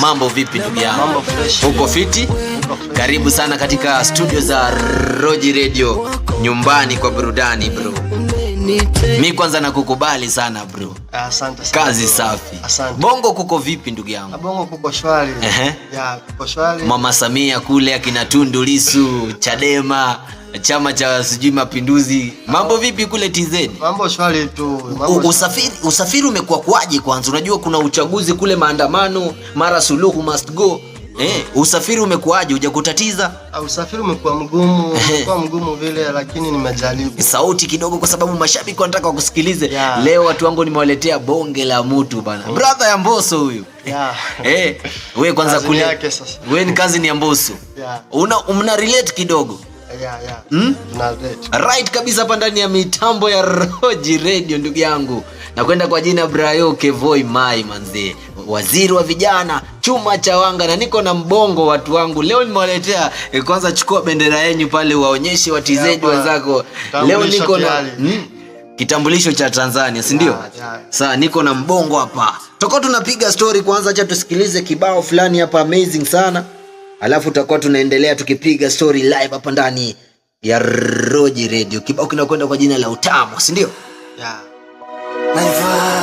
Mambo vipi ndugu yangu? Uko fiti? Karibu sana katika studio za Roji Radio nyumbani kwa burudani bro. Mi kwanza nakukubali sana bro. Asante sana. Kazi safi. Asante. Bongo kuko vipi ndugu yangu? Ah, bongo kuko shwari. Ya, kuko shwari. Mama Samia kule akina Tundu lisu Chadema chama cha sijui mapinduzi. Mambo vipi kule TZ? Mambo shwari tu. Mambo usafiri, usafiri umekuwa kwaji Kwanza unajua kuna uchaguzi kule, maandamano mara Suluhu must go Eh, usafiri umekuwaje? Hujakutatiza? Ah, usafiri umekuwa mgumu, umekuwa mgumu vile, lakini nimejaribu. Sauti kidogo, kwa sababu mashabiki wanataka wakusikilize. Yeah. Leo watu wangu nimewaletea bonge la mtu bana. Mm. Brother ya mboso huyu. Yeah. Eh, we kwanza kule. Wewe ni kazi ni ya mboso Yeah. Una, una relate kidogo yeah, yeah. Hmm? Right kabisa hapa ndani ya mitambo ya Roji Radio ndugu yangu, nakwenda kwa jina Brayo Kevoi Mai manzi, waziri wa vijana chuma cha wanga, na niko na mbongo watu wangu. Leo nimewaletea eh, kwanza chukua bendera yenu pale waonyeshe watizeji wenzako. Leo niko na hmm? kitambulisho cha Tanzania si ndio? Sasa niko na mbongo hapa, toko tunapiga story kwanza, acha tusikilize kibao fulani hapa amazing sana alafu tutakuwa tunaendelea tukipiga story live hapa ndani ya Roji Radio. Kibao kinakwenda kwa jina la Utamu, si ndio? Yeah.